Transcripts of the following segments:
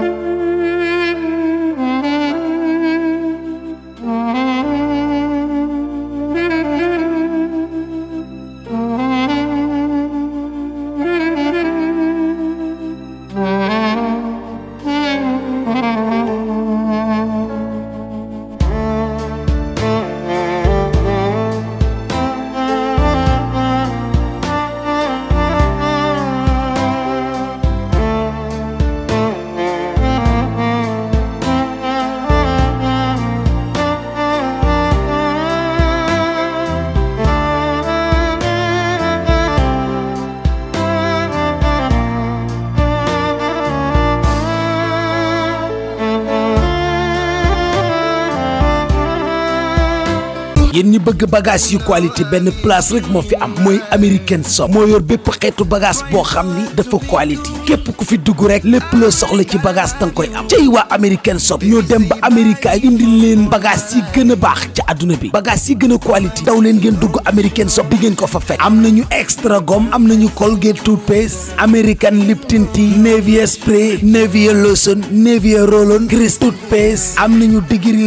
Música mm-hmm. bëgg bagage yu qualité benn place rek moo fi am mooy American Shop moo yor bépp xeetu bagage boo xam ni dafa qualité képp ku fi dugg rek lépp loo soxla ci bagage danga koy am cey waa American sob ñoo dem ba America indi leen bagage yi gën a baax ci àdduna bi bagage yi gën a qualité daw leen ngeen dugg American sob bi ngeen ko fa fekk am ñu extra gomme am na nañu Colgate toothpaste American Lipton Tea Nivea spray Nivea lotion Nivea roll-on Crest toothpaste am na ñu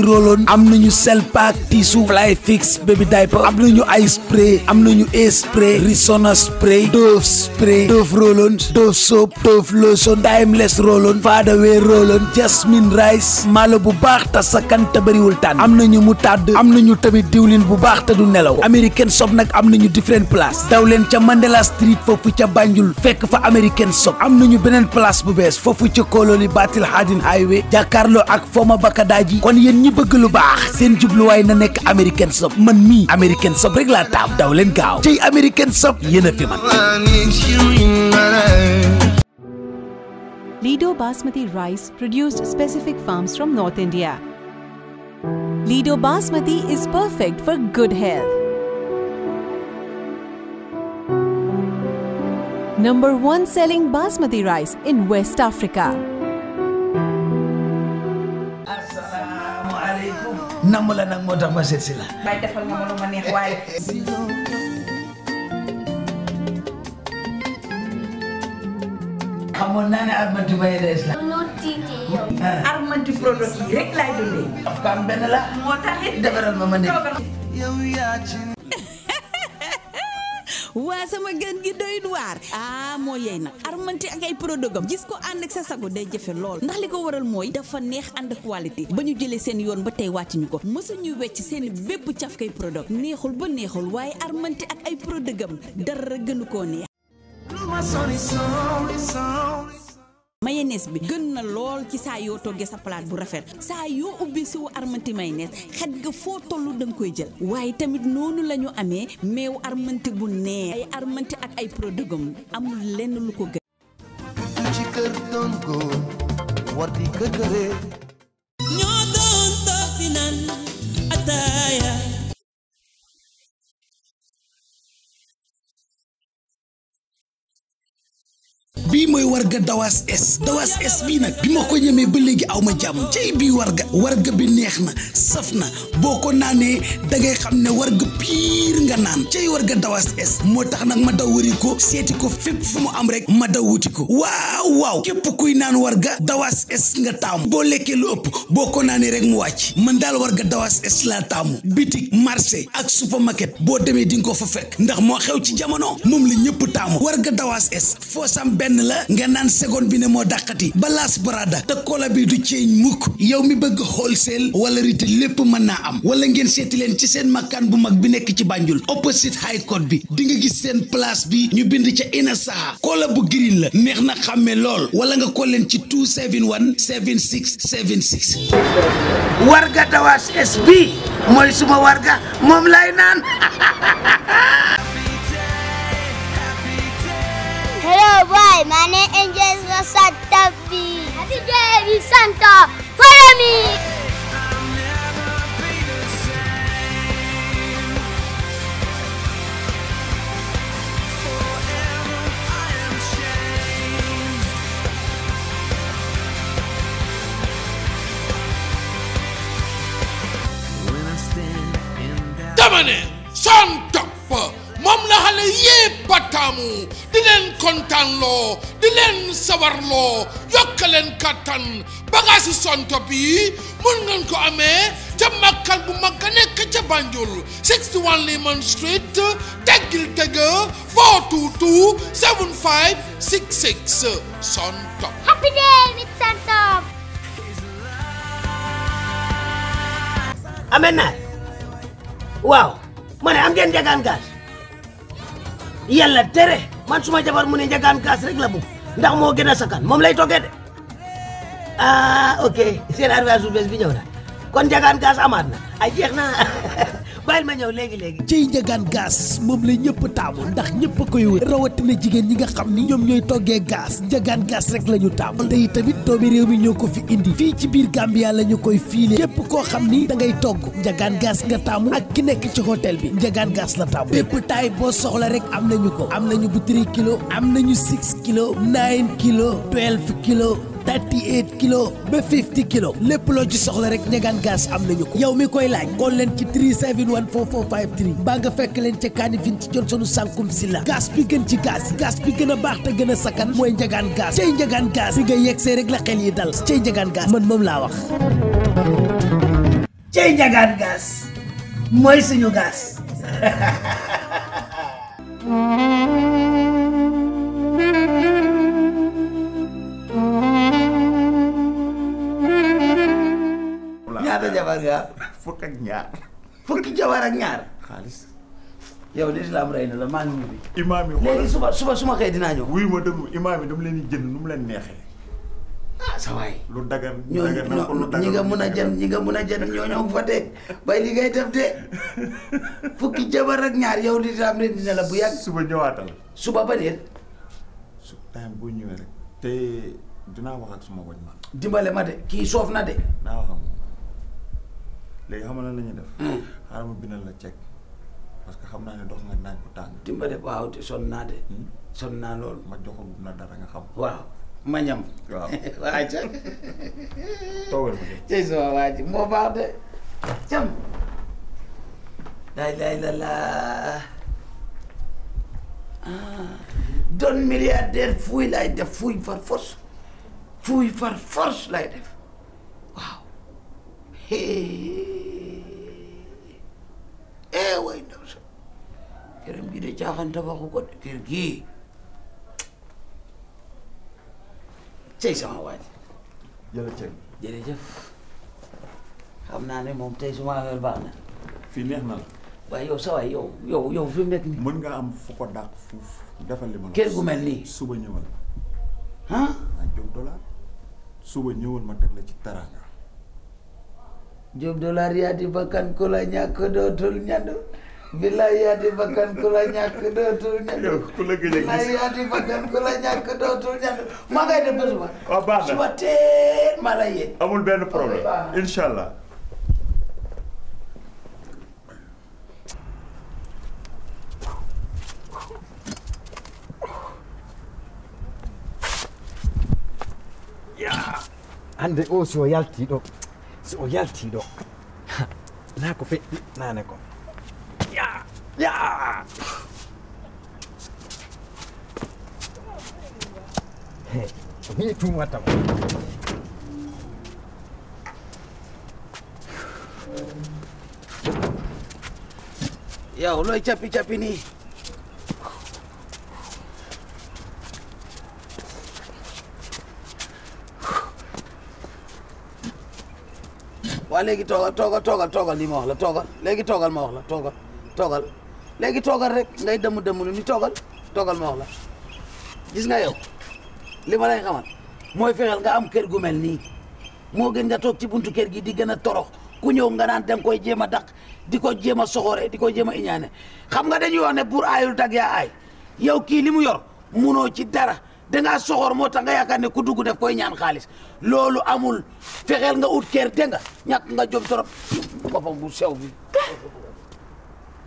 roll-on am nañu sel pack tissu fly fix baby diaper am nañu ay spray am nañu e spray Rexona spray Dove spray Dove roll-on Dove soap Dove lotion Timeless roll-on Fada Wear roll-on Jasmine rice maalo bu baax te sa kan te bëriwul tànn am na ñu mu tàdd am na ñu tamit diwlin bu baax te du nelaw American Shop nag am na ñu different place daw leen ca Mandela Street foofu ca Banjul fekk fa American Shop am na ñu beneen place bu bees foofu ca Kololi Batil Hadin Highway jàkkaarloo ak Foma Bakadaji kon yéen ñi lu baax seen jubluwaay na nekk American Shop me American Sub rek laa taam daw leen gaaw ci American Sub yéen a fi man Lido basmati rice produced specific farms from North India. Lido basmati is perfect for good health. Number 1 selling basmati rice in West Africa. namm la nag moo tax ma seet si la. waaye defal nga ma lu waaye. xamoon naa ne Armanti Mbaye rees la. Ah. Armanti produit yi rek laay dundee. afkaan benn la. moo tax it defaral ma ma nekk. waa sama gën gi doy waar ah moo yey nag armanti ak ay prodogam gis ko ànd ak sa sago day jëfe lool ndax li ko waral mooy dafa neex ànd ak qualité ba ñu jëlee seen yoon ba tey wàcc ñu ko mësuñu wecc seen bépp caf kay product neexul ba neexul waaye armanti ak ay prodogam dara gënu koo neex mayonnaise bi gën na lool ci saa yoo toggee sa palaat bu rafet saa yoo ubbi siwu armanti mayonnaise xet nga foo tollu da koy jël waaye tamit noonu lañu amee meew armanti bu neex ay armanti ak ay produits am amul lenn lu ko gën. ci kër Dongo war di mooy warga dawaas es bii nag bi ma ko ñemee ba léegi aw ma jàmm cay bii warga warga bi neex na saf na boo ko naanee da ngay xam ne warga piir nga naan war warga dawaas es moo tax nag ma daw wëri ko seeti ko fépp fu mu am rek ma daw wuti ko waaw waaw képp kuy naan ga dawaas es nga taamu boo lekkee lu ëpp boo ko naanee rek mu wàcc man daal ga dawaas es laa taamu bitik marché ak supermarket boo demee di nga ko fa fekk ndax moo xew ci jamono moom la ñëpp taamu nga naan seconde bi ne moo dàqati balaas barada te kola bi du ceeñ mukk yow mi bëgg wholesale wala retail lépp mën naa am wala ngeen seeti leen ci seen makkan bu mag bi nekk ci Banjul opposite high court bi di nga gis seen place bi ñu bind ca inasaha kola bu green la neex na xàmme lool wala nga ko leen ci 271 76 76 warga dawaas SB mooy suma warga moom lay naan Hello, boy. My name is Santa B. Happy day, Santa. Follow me. lo di sawar lo yok len katan bagasi sonto bi mën ngeen ko amé ca makkan bu mag a ca Banjul 61 lemon Street teggil tëgga 422 7566 Sontop. Happy day with sonto amena wow mané am ngeen njagaan gas yalla téré man suma jabar mu ne njagaan kaas rek la bugg ndax moo gën a sakan moom lay toggee de ah ok seen arrivage bu bi ñëw na kon njagaan kaas amaat na ay jeex na bàyyil ma ñëw léegi léegi ciy njëgaan gaz moom la ñëpp taamu ndax ñëpp a koy wër rawatina jigéen ñi nga xam ni ñoom ñooy toggee gaz njëgaan gaz rek la ñu taamu te yi tamit doomi réew mi ñoo ko fi indi fii ci biir Gambia la ñu koy fiile képp koo xam ni dangay ngay togg njëgaan gaz nga taamu ak ki nekk ci hôtel bi njëgaan gaz la taamu bépp taay boo soxla rek am nañu ko am nañu bu 3 kilo am nañu 6 kilo 9 kilo 12 kilo 38 kilos ba 50 lépp loo ci soxla rek ñegaan gaz am nañu ko yow mi koy laaj kool leen ci 371 4453 baa nga fekk leen ca Kanifing ci Johnson Sankum Silla gaz bi gën ci gaz yi bi gën baax te gën a sakkan mooy njegaan gaz cey njegaan gaz si rek la xel yi dal cey njegaan gaz man moom laa wax cey njegaan gaz mooy suñu gaz jabarga fukka ñaar fukki jabar ak ñaar xaalis yow di islam rey na la man ngi ñibbi di yi léegi suba suba suma xëy dina ñëw wuy ma dem imam yi dum leen ni jënd num leen nexé ah sa way lu dagan ñoo ñi nga mun a ñi nga mun a ñoo ñoo fa de bay li ngay def de fukki jabar ak ñaar yow li islam rey dina la bu yàgg suba ñëwaatal suba ba déet rek wax ak suma wañ ma soof na wax léegi xam na la def. Hmm. xaaral ma bindal la cek parce que xam naa ne dox nga naaj bu tàng. dimbale waaw te sonn naa de. Hmm? sonn naa loolu. ma joxagum la dara nga xam. waaw ma ñam. waaw waa ca. toogal waa ji moo baax de. cam. daay daay la laa. Ah. doon milliardaire fuuy laay def fuuy far force. fuuy far force laay def waaw. jangan tambah kuat pergi. Cek sama awak. Jalan cek. Jadi je. Kamu nane mau cek semua herban. Finnya mal. Bayo saya yo yo yo film dek ni. Mungkin kamu fokus dak fuf. Dapat lima. Kira gue meli. Subuh nyewal. Hah? Nah, jom dolar. Subuh nyewal mata kelas citaranya. Jom dolar ya di bahkan kolanya kedodolnya tuh. billaay yaati bakkan ku ku la gëj a gis billaay yaati bakkan ku la ñàkk dootul ñàkk maa ngay def ba suba. baax na suba teel benn problème incha allah. hannde si o yaltii ɗo si o yaltii ɗo naa ko feƴƴi naane ko Yeah! Mimi tu hata Ya ulo ichapi chapi ni. Wa legi toga toga toga toga limohla toga legi toga toga. toga toga. toga. léegi toogal rek ngay dëmm dëmm lu ni toogal toogal ma la gis nga yow li ma lay xamal mooy fexeel nga am kër gu mel nii moo gën nga toog ci buntu kër gi di gën a torox ku ñëw nga naan dang koy jéem a daq di ko jéem a soxore di ko jéem a iñaane xam nga dañuy wax ne pour aayul dag yaa aay yow kii li mu yor munoo ci dara dangaa soxor moo tax nga ne ku dugg def koy ñaan xaalis loolu amul fexeel nga ut kër dégg nga ñàkk nga jom torop boppam bu sew bi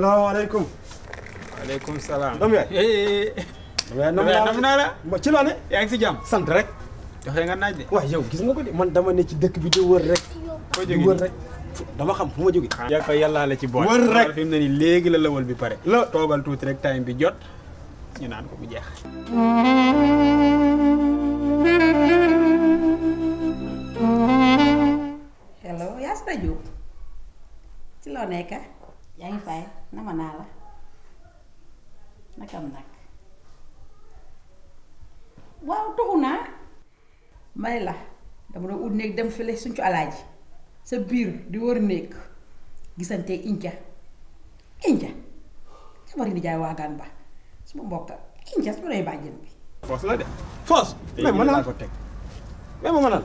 salaamaaleykum. waaleykum salaam. doom yaay. doom yaay nam naa la. ci loo ne. yaa ngi si jàmm sant rek. joxe nga naaj de. waaw yow gis nga ko de man dama ne ci dëkk bi di rek. foo jógee dama xam fu ma jógee. Ah, yaa ko yàllaa ci boole. léegi la lawal bi pare. la toogal tuuti rek time bi jot ñu naan ko bu jeex. hello yaa si rajo ci loo nekk yaa ngi fay nama naa la nakam nag waaw doxu naa ma la dama doon ut néeg dem fële suñu alaaji sa biir di wër néeg gisante inja inja jabari ni jaay waagaan ba suma mbokka inja su ma doy bàjjen bi foos la de foos mais ma naan ko teg mais ma naan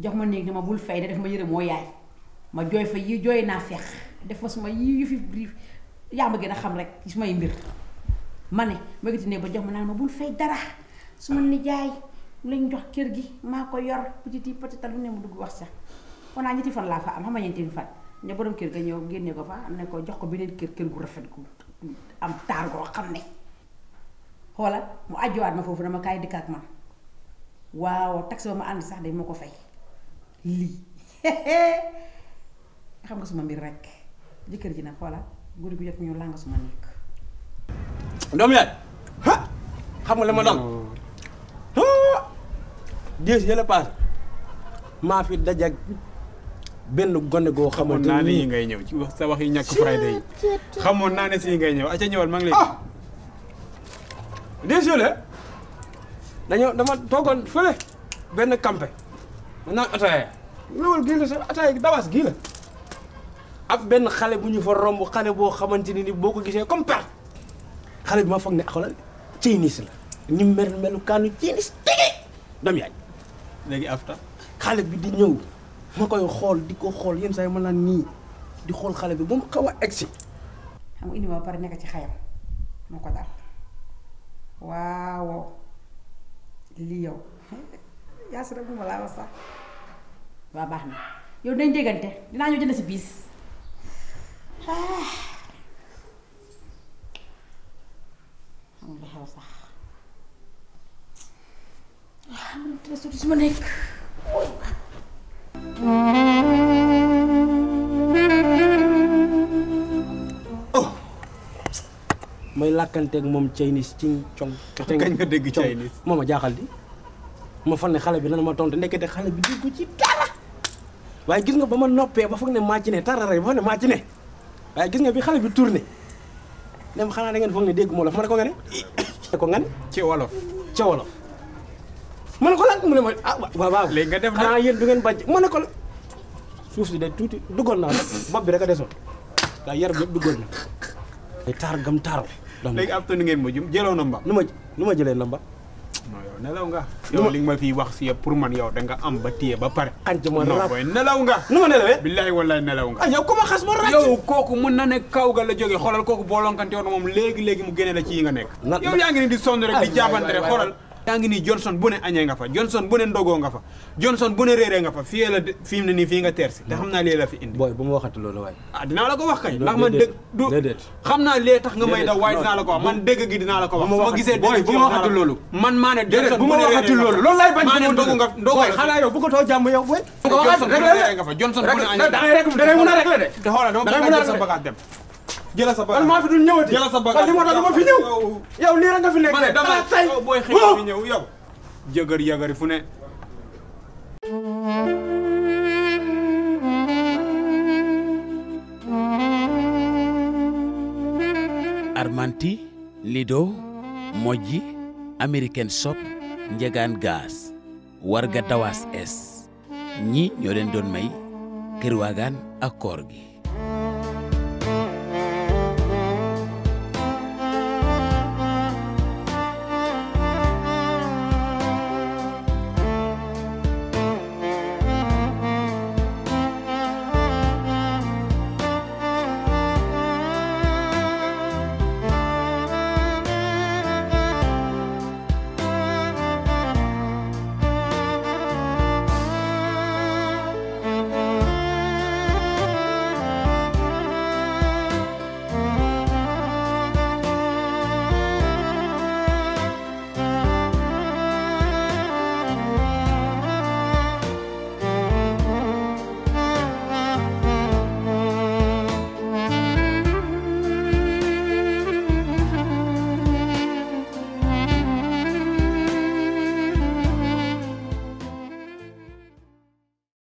jox ma néeg ne ma bul fay da def ma yëre moo yaay ma jooy fa yi jooy naa feex def ma suma yi yu fi brief yaa ma gën a xam rek ci sumay mbir ma ne ma gëti ne ba jox ma naan ma bul fay dara suma ni jaay lañ jox kër gi maa ko yor petiti petita lu ne mu dugg wax sax kon naa ñetti fan laa fa am xam nga ñeenti fan ne borom kër ga ñëw génne ko fa ne ko jox ko beneen kër kër gu rafet gu am taar goo xam ne xoola mu àjjiwaat ma foofu dama kaay dikk ak man waaw taxi ba ma ànd sax dañ ma ko fay li xam nga suma mbir rek jëkkër ji na xoola guddi gu jot ñu lang suma nekk ndom yaay xam nga lama ma doon oh. diis pass ma fi dajag benn gonne go xamone na ni ngay ñew ci wax sa wax yi ñak friday xamone na ne si yi ngay ñëw aca ñewal ma ngi lay ah! diis yële ya? dañoo dama togon fele ya? benn campé mu naan ataaya ñëwal gii la sa ataaya dawaas gii la ab benn xale bu ñu fa romb xale boo xamante ni boo ko gisee comme perte xale bi ma foog ne ah, xoolal ceynis la ñu mel melu kaanu ceynis tege dam yaay léegi afta xale bi di ñëw ma koy xool di ko xool yenn saa yi ma naan nii di xool xale bi ba mu xaw a egsi xam nga indi ma pare nekk ci xayam moo ko dal waaw lii yow Ya sudah bu malah laa wah sax Yaudah baax na yow Ini déggante dinaa ñëw jënd si biis udah ah. sudah xew sax waa man dina mom Chinese ci cong. kañ nga dégg Chinese Mama jahal di ma fane xalé bi nan ma tontu nekkete xalé bi dugg ci dara waye gis nga bama noppé noppee ba foog ma ci né tara rek ba foog ma ci né waye gis nga bi xalé bi tourné dem xana da ngeen foog ne dégg mo la fa ko nga ko nga ci wolof ci wolof ma ko lan mu né ma ah, wa wa lé nga def na yeen du ngeen bañ ma ne ko suuf ci dé touti dugol na rek bi rek a desoon waaye yaram yëpp na ay gam tar léegi ab tënk ngeen mo jëm mba numa numa jëlé lamba non yow nelaw nga. yow li nga ma fiy wax si yow pour man yow da nga am ba téye ba pare. xaj ma nelaw nga. nu ma nelawee. billahi wallahi nelaw nga. ah yow ku xas ma ràcc. yow kooku mën na ne kaw ga la jógee xoolal kooku boolonkante woon moom léegi léegi mu génne la ci yi nga nekk. yow yaa ngi ni di sonn rek di jaabante rek xoolal. yaa ngi nii Johnson bu ne añee nga fa Johnson bu ne ndogoo nga fa Johnson bu ne réeree nga fa fii la fi mu ne nii fii nga teer si te xam naa lee la fi indi booy bu ma waxati loolu waaye ah dinaa la ko wax kay ndax man dëgg du xam naa lee tax nga may daw waaye dinaa la ko wax man dëgg gi dinaa la ko wax ma gisee booy bu ma waxati loolu man maa ne Johnson bu ma waxati loolu loolu laay bañ maa ne ndogu nga ndogoy xanaa yow bu ko too jàmm yow booy Johnson bu ne añee nga fa Johnson bu ne añee nga fa dangay rek dangay mën a régler de xoolal dama bëgg a jël sa bagage dem jëla sa bagage man maa fi dul ñëwati jëla sa bagage li ma tax du ma fi ñëw yow lii rek nga fi nekk ma dama tey booy xëy fi ñëw yow jëgër yëgër fu ne armanti lido moji american shop njegaan gas warga dawas S, ñi ñoo leen doon may kër